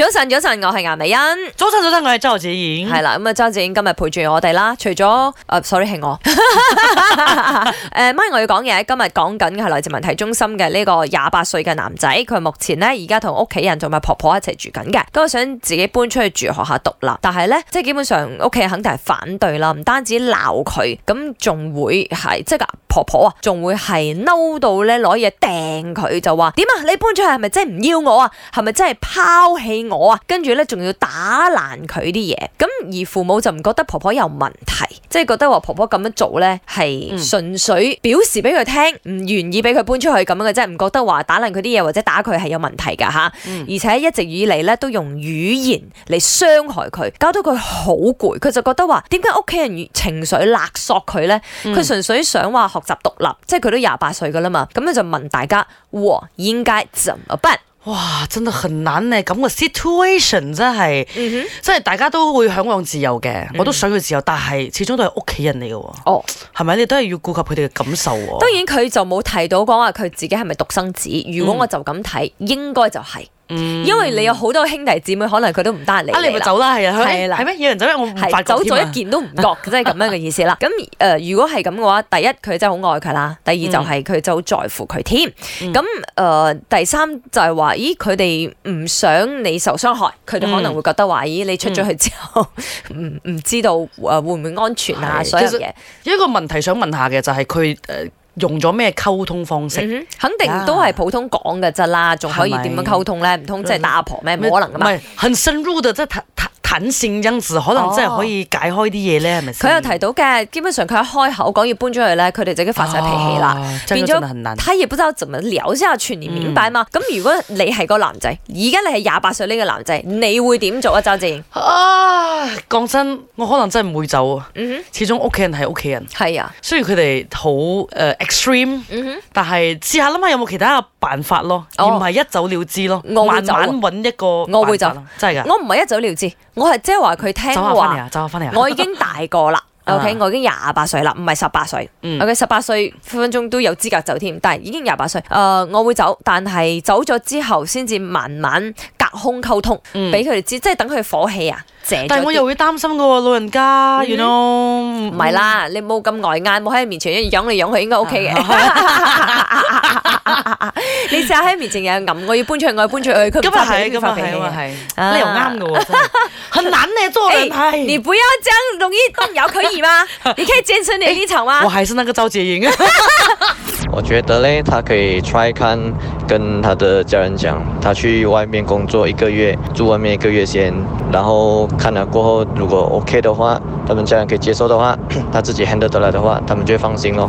早晨，早晨，我係顏美欣。早晨，早晨，我係周子燕。係 啦，咁啊，周子燕今日陪住我哋啦。除咗，誒、呃、，sorry，係我。誒、 呃，乜我要講嘢？今日講緊嘅係來自問題中心嘅呢個廿八歲嘅男仔，佢目前咧而家同屋企人同埋婆婆一齊住緊嘅，咁想自己搬出去住，學校獨立。但係咧，即係基本上屋企肯定係反對啦，唔單止鬧佢，咁仲會係即係嗱。婆婆啊，仲會係嬲到咧攞嘢掟佢，就話點啊？你搬出去係咪真係唔要我啊？係咪真係拋棄我啊？跟住咧仲要打爛佢啲嘢。咁而父母就唔覺得婆婆有問題，即係覺得話婆婆咁樣做咧係純粹表示俾佢聽，唔願意俾佢搬出去咁樣嘅，即係唔覺得話打爛佢啲嘢或者打佢係有問題噶吓，嗯、而且一直以嚟咧都用語言嚟傷害佢，搞到佢好攰。佢就覺得話點解屋企人情緒勒索佢咧？佢純粹想話學。習獨立，即係佢都廿八歲噶啦嘛，咁佢就問大家，我應該怎麼辦？哇，真的很難呢。咁個 situation 真係，即係、嗯、哼大家都會向往自由嘅，我都想要自由，但係始終都係屋企人嚟嘅，哦，係咪你都係要顧及佢哋嘅感受？當然佢就冇提到講話佢自己係咪獨生子，如果我就咁睇，嗯、應該就係、是。嗯、因為你有好多兄弟姊妹，可能佢都唔得你。你咪走啦，係啊，係咪的？咩、欸？有人走咩？我唔發覺。走咗一件都唔覺，即係咁樣嘅意思啦。咁誒、呃，如果係咁嘅話，第一佢真係好愛佢啦，第二就係佢就好在乎佢添。咁誒、嗯呃，第三就係話，咦，佢哋唔想你受傷害，佢哋可能會覺得話，咦，嗯、你出咗去之後，唔唔、嗯、知道誒會唔會安全啊？的所以有一個問題想問下嘅就係佢。呃用咗咩溝通方式？嗯、肯定都係普通講嘅啫啦，仲、啊、可以點樣溝通咧？唔通即係打阿婆咩？冇可能嘅咩？唔係很深入，即係。肯性因樣可能真係可以解開啲嘢咧，係咪佢有提到嘅，基本上佢一開口講要搬出去咧，佢哋就已經發晒脾氣啦，變咗。真係真係難。睇亦不知道做乜了。之後全年免擺嘛。咁如果你係個男仔，而家你係廿八歲呢個男仔，你會點做啊？周志啊！講真，我可能真係唔會走啊。始終屋企人係屋企人。係啊。雖然佢哋好誒 extreme。但係試下諗下有冇其他嘅辦法咯，而唔係一走了之咯。我慢慢揾一個。我會走。真係㗎。我唔係一走了之。我係即係話佢聽過話，走翻嚟啊走翻嚟啊，我已經大個啦 ，OK，我已經廿八歲啦，唔係十八歲，嗯、OK，十八歲分分鐘都有資格走添，但係已經廿八歲，誒、呃，我會走，但係走咗之後先至慢慢隔空溝通，俾佢哋知，即係等佢火氣啊，但係我又會擔心嘅喎，老人家，原來唔係啦，你冇咁呆眼，冇喺人面前養你，養佢應該 OK 嘅。你只要喺面前有人揞，我要搬出去，我要搬出去，佢咁啊係，咁啊係，咁啊你又啱嘅喎，佢撚你多你，派，啊、 你不要這樣容易動搖可以嗎？ 你可以堅持你立場嗎？我還是那個趙潔瑩啊。 我覺得咧，他可以 try 看跟他的家人講，他去外面工作一個月，住外面一個月先，然後看了過後，如果 OK 的話，他們家人可以接受的話，他自己 handle 得來、right、的話，他們就會放心咯。